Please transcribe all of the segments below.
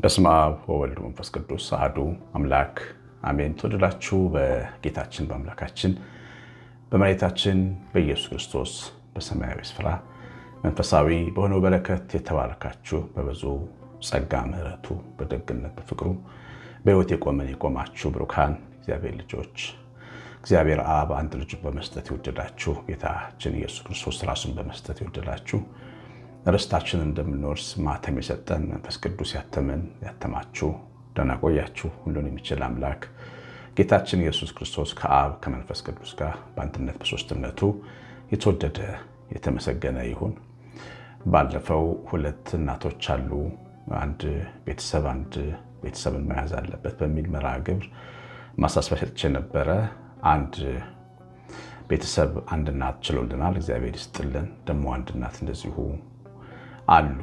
በስመ አብ ወወልድ መንፈስ ቅዱስ አሐዱ አምላክ አሜን። ተወደዳችሁ በጌታችን በአምላካችን በመሬታችን በኢየሱስ ክርስቶስ በሰማያዊ ስፍራ መንፈሳዊ በሆነው በረከት የተባረካችሁ በብዙ ጸጋ ምሕረቱ በደግነት በፍቅሩ በሕይወት የቆመን የቆማችሁ ብሩካን እግዚአብሔር ልጆች እግዚአብሔር አብ አንድ ልጁ በመስጠት የወደዳችሁ ጌታችን ኢየሱስ ክርስቶስ ራሱን በመስጠት የወደዳችሁ ርስታችን እንደምንወርስ ማተም የሰጠን መንፈስ ቅዱስ ያተመን ያተማችሁ ደህና ቆያችሁ። ሁሉን የሚችል አምላክ ጌታችን ኢየሱስ ክርስቶስ ከአብ ከመንፈስ ቅዱስ ጋር በአንድነት በሶስትነቱ የተወደደ የተመሰገነ ይሁን። ባለፈው ሁለት እናቶች አሉ አንድ ቤተሰብ አንድ ቤተሰብን መያዝ አለበት በሚል መርሃ ግብር ማሳሰቢያ ሰጥቼ ነበረ። አንድ ቤተሰብ አንድ እናት ችሎልናል፣ እግዚአብሔር ይስጥልን። ደግሞ አንድ እናት እንደዚሁ አሉ።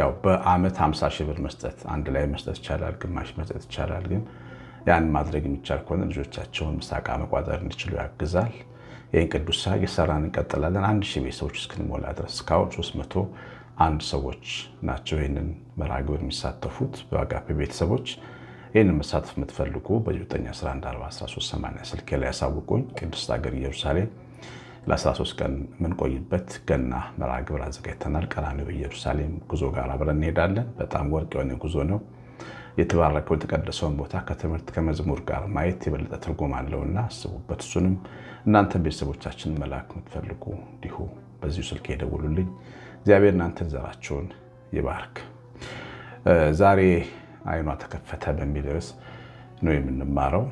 ያው በአመት 50 ሺህ ብር መስጠት አንድ ላይ መስጠት ይቻላል፣ ግማሽ መስጠት ይቻላል። ግን ያን ማድረግ የሚቻል ከሆነ ልጆቻቸውን ምሳቃ መቋጠር እንዲችሉ ያግዛል። ይህን ቅዱስ ስራ እየሰራን እንቀጥላለን። አንድ ሺህ ቤተሰቦች እስክንሞላ ድረስ እስካሁን አንድ ሰዎች ናቸው ይህንን መርሃ ግብር የሚሳተፉት በአጋፔ ቤተሰቦች ይህን መሳተፍ የምትፈልጉ በ9114138 ስልክ ላይ ያሳውቁኝ። ቅድስት ሀገር ኢየሩሳሌም ለ13 ቀን የምንቆይበት ገና መርሃ ግብር አዘጋጅተናል። ቀራንዮ በኢየሩሳሌም ጉዞ ጋር አብረን እንሄዳለን። በጣም ወርቅ የሆነ ጉዞ ነው። የተባረከው የተቀደሰውን ቦታ ከትምህርት ከመዝሙር ጋር ማየት የበለጠ ትርጉም አለውና አስቡበት። እሱንም እናንተ ቤተሰቦቻችን መላክ የምትፈልጉ እንዲሁ በዚሁ ስልክ የደውሉልኝ። እግዚአብሔር እናንተን ዘራችሁን ይባርክ። ዛሬ አይኗ ተከፈተ በሚል ርዕስ ነው የምንማረው።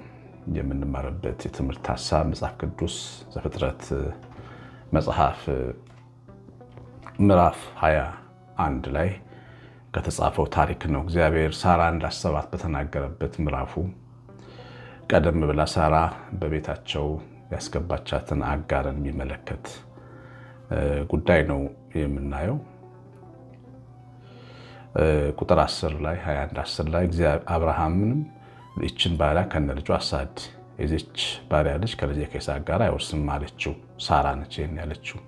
የምንማርበት የትምህርት ሀሳብ መጽሐፍ ቅዱስ ዘፍጥረት መጽሐፍ ምዕራፍ 21 ላይ ከተጻፈው ታሪክ ነው። እግዚአብሔር ሳራ እንዳሰባት በተናገረበት ምዕራፉ ቀደም ብላ ሳራ በቤታቸው ያስገባቻትን አጋርን የሚመለከት ጉዳይ ነው የምናየው። ቁጥር 10 ላይ 21 10 ላይ አብርሃምንም ይችን ባሪያ ከነ ልጁ አሳድ የዚች ባሪያ ልጅ ከልጅ ከይስሐቅ ጋር አይወርስም አለችው። ሳራ ነች ይህን ያለችው።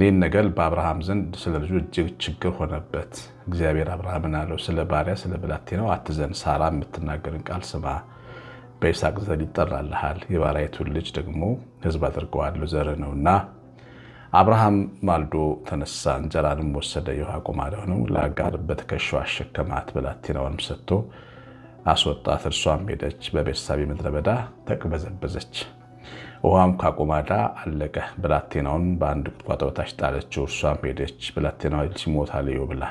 ይህን ነገር በአብርሃም ዘንድ ስለ ልጁ እጅግ ችግር ሆነበት። እግዚአብሔር አብርሃምን አለው፣ ስለ ባሪያ ስለ ብላቴናው አትዘን፣ ሳራ የምትናገርን ቃል ስማ። በይስሐቅ ዘር ይጠራልሃል፣ የባሪያይቱን ልጅ ደግሞ ሕዝብ አድርገዋለሁ ዘር ነውና አብርሃም ማልዶ ተነሳ፣ እንጀራንም ወሰደ፣ የውሃ ነው ለአጋር በትከሻዋ አሸከማት፣ ብላቴናውንም ሰጥቶ አስወጣት። እርሷም ሄደች፣ በቤርሳቤ ምድረ በዳ ተቅበዘበዘች፣ ውሃም ካቁማዳ አለቀ። ብላቴናውን በአንድ ቁጥቋጦ በታች ጣለችው። እርሷም ሄደች፣ ብላቴናው ሲሞት አልየው ብላ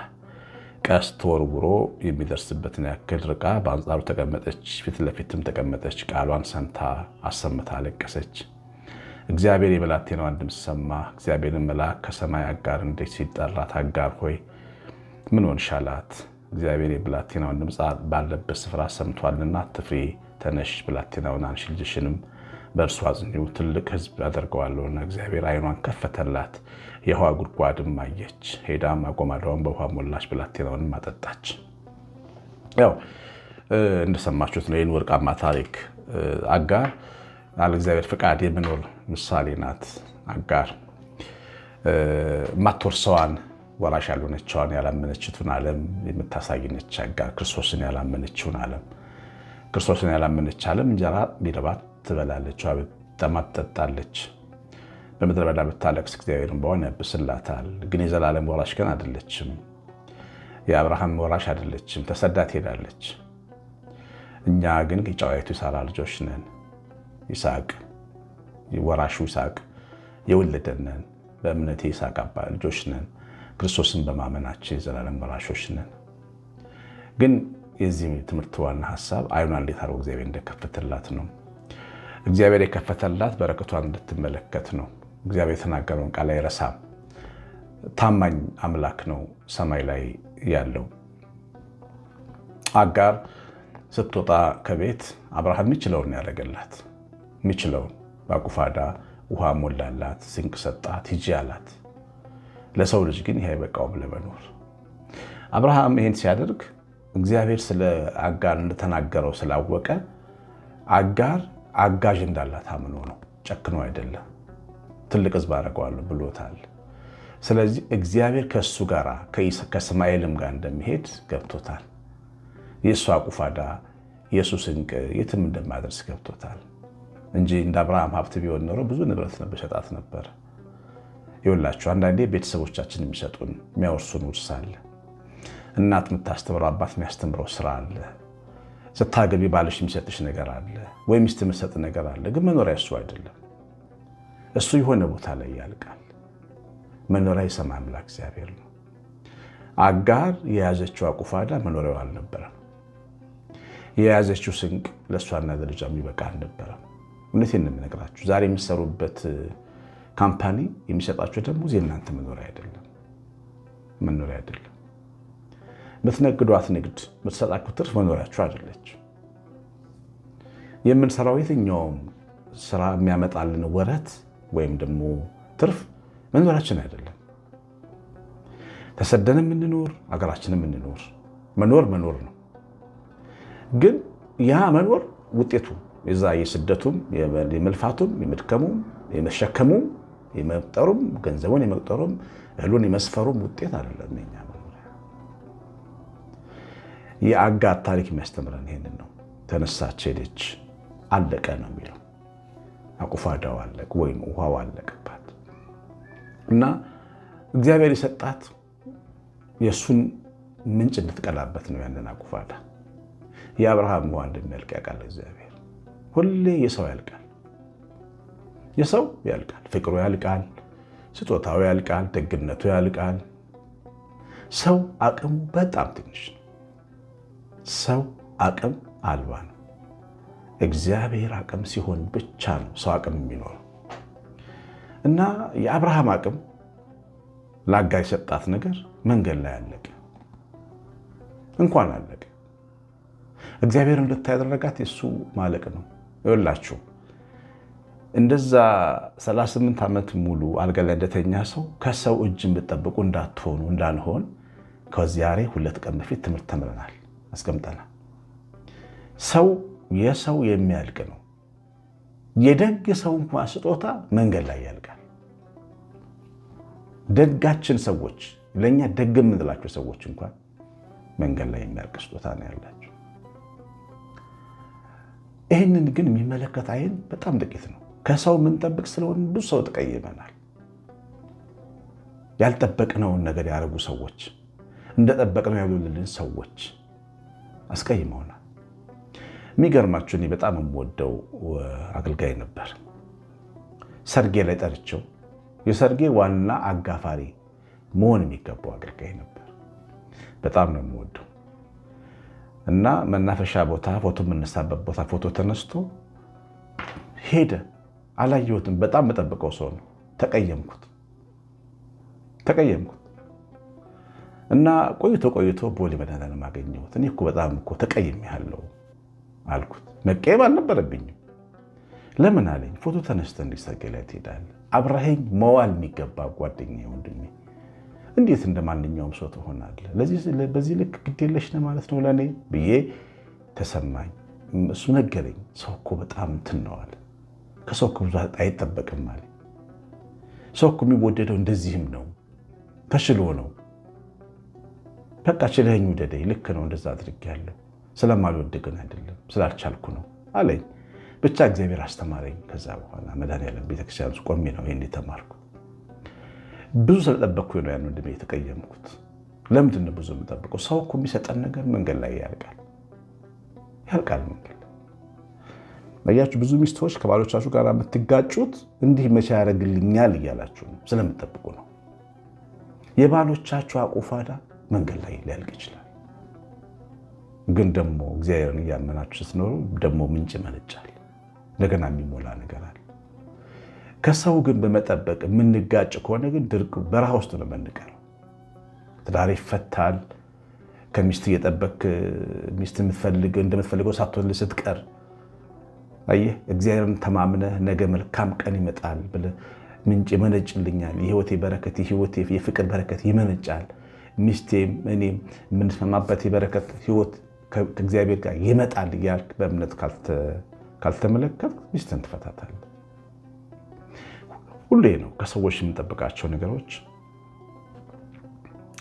ቀስት ወርውሮ የሚደርስበትን ያክል ርቃ በአንጻሩ ተቀመጠች፣ ፊት ለፊትም ተቀመጠች። ቃሏን ሰምታ አሰምታ አለቀሰች። እግዚአብሔር የብላቴናዋን ድምፅ ሰማ። እግዚአብሔርን መልአክ ከሰማይ አጋር እንዴት ሲጠራት አጋር ሆይ ምን ሆንሽ እግዚአብሔር የብላቴናውን ድምፅ ባለበት ስፍራ ሰምቷልና አትፍሪ፣ ተነሽ፣ ብላቴናውን አንሺ፣ ልጅሽንም በእርሱ አጽኚው፣ ትልቅ ሕዝብ አደርገዋለሁና። እግዚአብሔር ዓይኗን ከፈተላት፣ የውሃ ጉድጓድም አየች። ሄዳም አጎማዳውን በውሃ ሞላች፣ ብላቴናውንም አጠጣች። ያው እንደሰማችሁት ነው። ይህን ወርቃማ ታሪክ አጋር አለ እግዚአብሔር ፍቃድ የምኖር ምሳሌ ናት። አጋር ማትወርሰዋን ወራሽ ያልሆነችዋን ያላመነችቱን ዓለም የምታሳይነች አጋር ክርስቶስን ያላመነችውን ዓለም ክርስቶስን ያላመነች ዓለም እንጀራ ቢርባት ትበላለች፣ ብትጠማ ትጠጣለች። በምድረ በዳ ብታለቅስ እግዚአብሔር እንባዋን ያብስላታል። ግን የዘላለም ወራሽ ግን አይደለችም። የአብርሃም ወራሽ አይደለችም። ተሰዳ ትሄዳለች። እኛ ግን የጨዋይቱ የሳራ ልጆች ነን። ይስሐቅ ወራሹ ይስሐቅ የወለደነን በእምነት የይስሐቅ አባ ልጆች ነን። ክርስቶስን በማመናችን የዘላለም ወራሾች ነን። ግን የዚህ ትምህርት ዋና ሀሳብ አይኗ እንዴት አድርጎ እግዚአብሔር እንደከፈተላት ነው። እግዚአብሔር የከፈተላት በረከቷን እንድትመለከት ነው። እግዚአብሔር የተናገረውን ቃል አይረሳም። ታማኝ አምላክ ነው። ሰማይ ላይ ያለው አጋር ስትወጣ ከቤት አብርሃም የሚችለውን ያደረገላት ምችለውን ባቁፋዳ ውሃ ሞላላት፣ ስንቅ ሰጣት፣ ሂጂ አላት። ለሰው ልጅ ግን ይህ አይበቃውም ለመኖር። አብርሃም ይህን ሲያደርግ እግዚአብሔር ስለ አጋር እንደተናገረው ስላወቀ አጋር አጋዥ እንዳላት አምኖ ነው፣ ጨክኖ አይደለም። ትልቅ ሕዝብ አደርገዋለሁ ብሎታል። ስለዚህ እግዚአብሔር ከእሱ ጋር ከእስማኤልም ጋር እንደሚሄድ ገብቶታል። የእሱ አቁፋዳ የእሱ ስንቅ የትም እንደማደርስ ገብቶታል። እንጂ እንደ አብርሃም ሀብት ቢሆን ኖሮ ብዙ ንብረት በሸጣት ነበር። ይውላችሁ አንዳንዴ ቤተሰቦቻችን የሚሰጡን የሚያወርሱን ውርስ አለ። እናት የምታስተምረው አባት የሚያስተምረው ስራ አለ። ስታገቢ ባልሽ የሚሰጥሽ ነገር አለ፣ ወይ ሚስት የምትሰጥ ነገር አለ። ግን መኖሪያ እሱ አይደለም። እሱ የሆነ ቦታ ላይ ያልቃል። መኖሪያ የሰማይ አምላክ እግዚአብሔር ነው። አጋር የያዘችው አቁፋዳ መኖሪያው አልነበረም። የያዘችው ስንቅ ለእሷና ደረጃ የሚበቃ አልነበረም። እውነቴን ነው የምነግራችሁ። ዛሬ የምትሰሩበት ካምፓኒ የሚሰጣችሁ ደሞዝ የእናንተ መኖሪያ አይደለም፣ መኖሪያ አይደለም። የምትነግዷት ንግድ የምትሰጣችሁ ትርፍ መኖሪያችሁ አይደለች። የምንሰራው የትኛውም ስራ የሚያመጣልን ወረት ወይም ደግሞ ትርፍ መኖሪያችን አይደለም። ተሰደን የምንኖር ሀገራችን የምንኖር መኖር መኖር ነው። ግን ያ መኖር ውጤቱ የዛ የስደቱም የመልፋቱም የመድከሙም የመሸከሙም የመቅጠሩም ገንዘቡን የመቅጠሩም እህሉን የመስፈሩም ውጤት አይደለም። ኛ የአጋር ታሪክ የሚያስተምረን ይህን ነው። ተነሳች ሄደች፣ አለቀ ነው የሚለው። አቁፋዳው አለቅ ወይም ውሃው አለቀባት እና እግዚአብሔር የሰጣት የእሱን ምንጭ እንድትቀላበት ነው ያንን አቁፋዳ። የአብርሃም ውሃ እንደሚያልቅ ያውቃል እግዚአብሔር ሁሌ የሰው ያልቃል፣ የሰው ያልቃል፣ ፍቅሩ ያልቃል፣ ስጦታው ያልቃል፣ ደግነቱ ያልቃል። ሰው አቅሙ በጣም ትንሽ ነው። ሰው አቅም አልባ ነው። እግዚአብሔር አቅም ሲሆን ብቻ ነው ሰው አቅም የሚኖረው እና የአብርሃም አቅም ላጋ የሰጣት ነገር መንገድ ላይ አለቀ። እንኳን አለቀ። እግዚአብሔር እንድታደረጋት የእሱ ማለቅ ነው። ይላችሁ እንደዛ 38 ዓመት ሙሉ አልጋ ላይ እንደተኛ ሰው ከሰው እጅ የምጠብቁ እንዳትሆኑ እንዳንሆን ከዚያሬ ሁለት ቀን በፊት ትምህርት ተምረናል አስቀምጠናል። ሰው የሰው የሚያልቅ ነው። የደግ ሰው እንኳ ስጦታ መንገድ ላይ ያልቃል። ደጋችን ሰዎች ለእኛ ደግ የምንላቸው ሰዎች እንኳን መንገድ ላይ የሚያልቅ ስጦታ ነው ያላቸው። ይህንን ግን የሚመለከት አይን በጣም ጥቂት ነው። ከሰው የምንጠብቅ ስለሆን ብዙ ሰው ተቀይመናል። ያልጠበቅነውን ነገር ያደረጉ ሰዎች፣ እንደጠበቅነው ያሉልን ሰዎች አስቀይመውናል። የሚገርማችሁ እኔ በጣም የምወደው አገልጋይ ነበር። ሰርጌ ላይ ጠርቸው የሰርጌ ዋና አጋፋሪ መሆን የሚገባው አገልጋይ ነበር። በጣም ነው የምወደው። እና መናፈሻ ቦታ ፎቶ የምነሳበት ቦታ ፎቶ ተነስቶ ሄደ። አላየሁትም። በጣም መጠብቀው ሰው ነው። ተቀየምኩት ተቀየምኩት እና ቆይቶ ቆይቶ ቦሌ መድኃኒዓለም አገኘሁት። እኔ እኮ በጣም እኮ ያለው አልኩት። መቀየም አልነበረብኝም። ለምን አለኝ። ፎቶ ተነስተ እንዲሰገላይ ትሄዳለህ። አብረኸኝ መዋል የሚገባ ጓደኛ ወንድሜ እንዴት እንደ ማንኛውም ሰው ትሆናለህ? በዚህ ልክ ግዴለሽ ነህ ማለት ነው ለእኔ ብዬ ተሰማኝ። እሱ ነገረኝ። ሰው እኮ በጣም እንትን ነው አለ። ከሰው እኮ ብዙ አይጠበቅም አለ። ሰው እኮ የሚወደደው እንደዚህም ነው፣ ተሽሎ ነው። በቃ ችለኸኝ ውደደኝ። ልክ ነው፣ እንደዛ አድርጌያለሁ። ስለማልወደግን አይደለም ስላልቻልኩ ነው አለኝ። ብቻ እግዚአብሔር አስተማረኝ። ከዛ በኋላ መድኃኒዓለም ቤተክርስቲያን ቆሜ ነው ይህን የተማርኩ። ብዙ ስለጠበቅኩ ነው ያን ወንድሜ የተቀየምኩት። ለምንድን ነው ብዙ የምጠብቀው? ሰው እኮ የሚሰጠን ነገር መንገድ ላይ ያልቃል፣ ያልቃል መንገድ ላያችሁ። ብዙ ሚስቶች ከባሎቻችሁ ጋር የምትጋጩት እንዲህ መቼ ያደርግልኛል እያላችሁ ነው፣ ስለምጠብቁ ነው። የባሎቻችሁ አቁፋዳ መንገድ ላይ ሊያልቅ ይችላል። ግን ደግሞ እግዚአብሔርን እያመናችሁ ስትኖሩ ደግሞ ምንጭ ይመነጫል። እንደገና የሚሞላ ነገር አለ። ከሰው ግን በመጠበቅ የምንጋጭ ከሆነ ግን ድርቅ በረሃ ውስጥ ነው የምንቀረው። ትዳር ይፈታል። ከሚስት እየጠበክ ሚስት እንደምትፈልገው ሳትወልድ ስትቀር አየህ፣ እግዚአብሔርን ተማምነህ ነገ መልካም ቀን ይመጣል ብለህ ምንጭ ይመነጭልኛል፣ የህይወቴ በረከት የህይወቴ የፍቅር በረከት ይመነጫል፣ ሚስቴም እኔም የምንስማማበት የበረከት ህይወት ከእግዚአብሔር ጋር ይመጣል እያልክ በእምነት ካልተመለከት ሚስትን ትፈታታል። ሁሌ ነው ከሰዎች የምንጠብቃቸው ነገሮች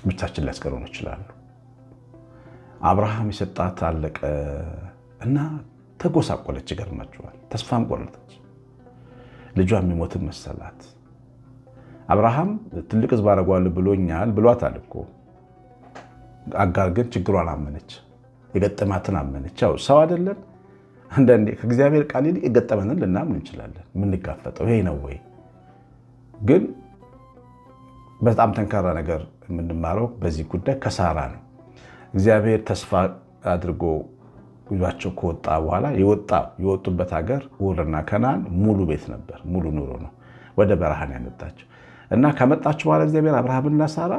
ብቻችን ሊያስቀሩን ይችላሉ። አብርሃም የሰጣት አለቀ እና ተጎሳቆለች። ይገርማችኋል። ተስፋም ቆረጠች። ልጇ የሚሞትን መሰላት። አብርሃም ትልቅ ህዝብ አደርገዋለሁ ብሎኛል ብሏታል እኮ። አጋር ግን ችግሯን አመነች፣ የገጠማትን አመነች። ያው ሰው አይደለን አንዳንዴ ከእግዚአብሔር ቃል ይልቅ የገጠመንን ልናምን እንችላለን። የምንጋፈጠው ይሄ ነው ወይ? ግን በጣም ጠንካራ ነገር የምንማረው በዚህ ጉዳይ ከሳራ ነው። እግዚአብሔር ተስፋ አድርጎ ይዟቸው ከወጣ በኋላ የወጡበት ሀገር ውርና ከናን ሙሉ ቤት ነበር፣ ሙሉ ኑሮ ነው። ወደ በረሃን ያመጣቸው እና ከመጣችሁ በኋላ እግዚአብሔር አብርሃምና ሳራ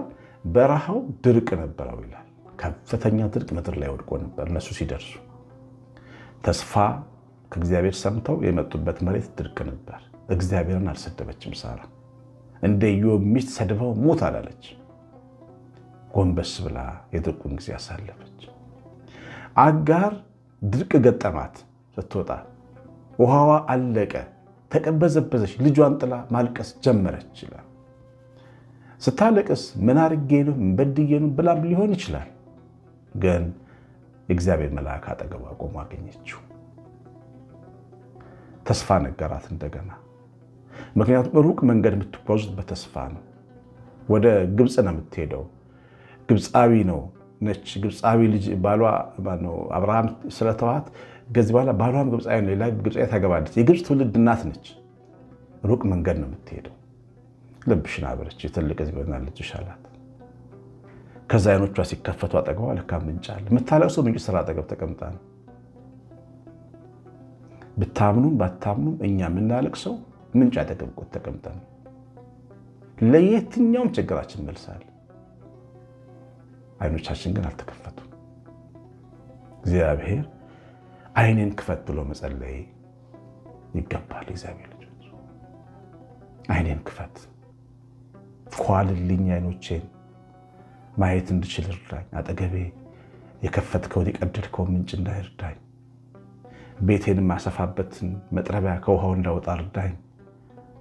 በረሃው ድርቅ ነበረው ይላል። ከፍተኛ ድርቅ ምድር ላይ ወድቆ ነበር። እነሱ ሲደርሱ ተስፋ ከእግዚአብሔር ሰምተው የመጡበት መሬት ድርቅ ነበር። እግዚአብሔርን አልሰደበችም ሳራ። እንደ ኢዮብ ሚስት ሰድበው ሞት አላለች። ጎንበስ ብላ የድርቁን ጊዜ አሳለፈች። አጋር ድርቅ ገጠማት። ስትወጣ ውሃዋ አለቀ፣ ተቀበዘበዘች። ልጇን ጥላ ማልቀስ ጀመረች ይላል። ስታለቅስ ምን አርጌ ነው በድዬ ነው ብላም ሊሆን ይችላል። ግን የእግዚአብሔር መልአክ አጠገቧ ቆሞ አገኘችው። ተስፋ ነገራት እንደገና ምክንያቱም ሩቅ መንገድ የምትጓዙት በተስፋ ነው። ወደ ግብፅ ነው የምትሄደው። ግብፃዊ ነው ነች ግብፃዊ ልጅ ባሏ አብርሃም ስለተዋት ከዚህ በኋላ ባሏም ግብፃዊ ነው። ሌላ ግብፃዊ ታገባለች። የግብፅ ትውልድ እናት ነች። ሩቅ መንገድ ነው የምትሄደው። ልብሽን አብረች የትልቅ ህዝብና ልጅሽ አላት። ከዛ አይኖቿ ሲከፈቱ አጠገቧ ለካ ምንጭ አለ። ሰው ምንጭ ስራ አጠገብ ተቀምጣ ነው። ብታምኑም ባታምኑም እኛ የምናለቅሰው ምንጭ አጠገብ ተቀምጠን ለየትኛውም ችግራችን መልሳል። አይኖቻችን ግን አልተከፈቱም። እግዚአብሔር አይኔን ክፈት ብሎ መጸለይ ይገባል። እግዚአብሔር ልጆች አይኔን ክፈት፣ ኳልልኝ፣ አይኖቼን ማየት እንድችል እርዳኝ፣ አጠገቤ የከፈትከውን የቀደድከውን ምንጭ እንዳይርዳኝ፣ ቤቴን የማሰፋበትን መጥረቢያ ከውሃው እንዳወጣ እርዳኝ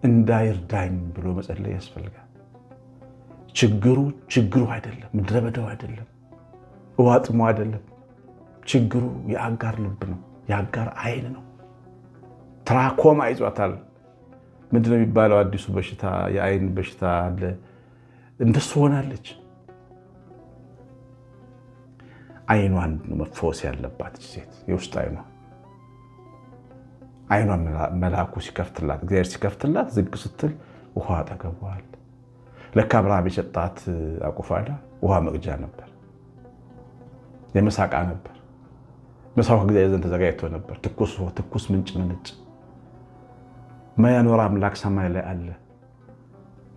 እንዳይርዳኝ ብሎ መጸለይ ያስፈልጋል። ችግሩ ችግሩ አይደለም፣ ምድረ በዳው አይደለም፣ እዋጥሞ አይደለም። ችግሩ የአጋር ልብ ነው፣ የአጋር አይን ነው። ትራኮማ ይዟታል። ምንድነው የሚባለው? አዲሱ በሽታ የአይን በሽታ አለ። እንደሱ ሆናለች። አይኗን መፈወስ ያለባት ሴት የውስጥ አይኗ አይኗን መልአኩ ሲከፍትላት እግዚአብሔር ሲከፍትላት ዝግ ስትል ውሃ አጠገቧል። ለካ አብርሃም የሰጣት አቁፋዳ ውሃ መቅጃ ነበር፣ የመሳቃ ነበር። መሳው ከእግዚአብሔር ዘንድ ተዘጋጅቶ ነበር። ትኩስ ትኩስ ምንጭ ምንጭ መያኖር አምላክ ሰማይ ላይ አለ።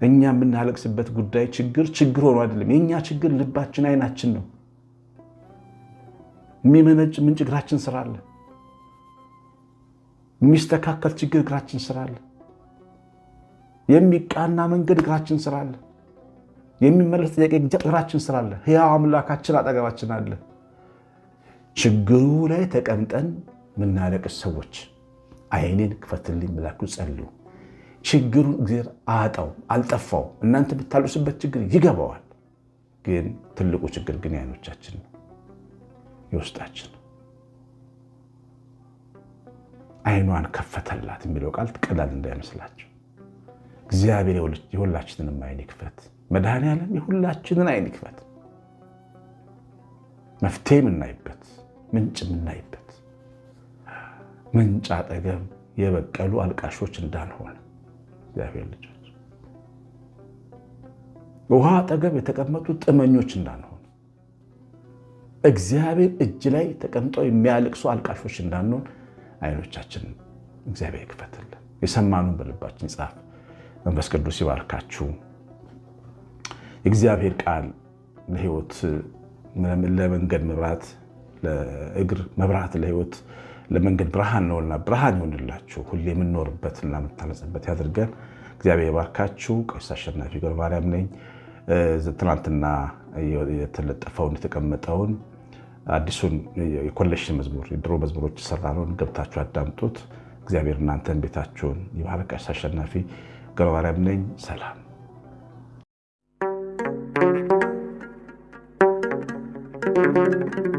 እኛ የምናለቅስበት ጉዳይ ችግር ችግር ሆኖ አይደለም። የእኛ ችግር ልባችን፣ አይናችን ነው የሚመነጭ ምንጭ እግራችን ስራ የሚስተካከል ችግር እግራችን ስር አለ። የሚቃና መንገድ እግራችን ስር አለ። የሚመለስ ጥያቄ እግራችን ስር አለ። ሕያው አምላካችን አጠገባችን አለ። ችግሩ ላይ ተቀምጠን የምናለቅስ ሰዎች አይኔን ክፈትልኝ ብላችሁ ጸልዩ። ችግሩን እግዚአብሔር አጣው አልጠፋው። እናንተ ብታለቅሱበት ችግር ይገባዋል። ግን ትልቁ ችግር ግን የአይኖቻችን ነው የውስጣችን አይኗን ከፈተላት የሚለው ቃል ቀላል እንዳይመስላቸው። እግዚአብሔር የሁላችንንም አይን ይክፈት። መድኃኔዓለም የሁላችንን አይን ይክፈት። መፍትሄ የምናይበት ምንጭ የምናይበት ምንጭ አጠገብ የበቀሉ አልቃሾች እንዳንሆን እግዚአብሔር ልጆች ውሃ አጠገብ የተቀመጡ ጥመኞች እንዳንሆን እግዚአብሔር እጅ ላይ ተቀምጠው የሚያለቅሱ አልቃሾች እንዳንሆን አይኖቻችን እግዚአብሔር ይክፈትልን። የሰማኑን በልባችን ጻፍ። መንፈስ ቅዱስ ይባርካችሁ። የእግዚአብሔር ቃል ለህይወት ለመንገድ መብራት፣ ለእግር መብራት፣ ለህይወት ለመንገድ ብርሃን ነውና ብርሃን ይሆንላችሁ። ሁሌ እና የምታነጽበት ያድርገን። እግዚአብሔር ይባርካችሁ። ቀሲስ አሸናፊ ገብረ ማርያም ነኝ። ትናንትና የተለጠፈውን የተቀመጠውን አዲሱን የኮሌክሽን መዝሙር የድሮ መዝሙሮች የሰራ ነውን ገብታችሁ አዳምጡት። እግዚአብሔር እናንተን ቤታችሁን ይባርክ። ቀሲስ አሸናፊ ገብረ ማርያም ነኝ። ሰላም Thank you.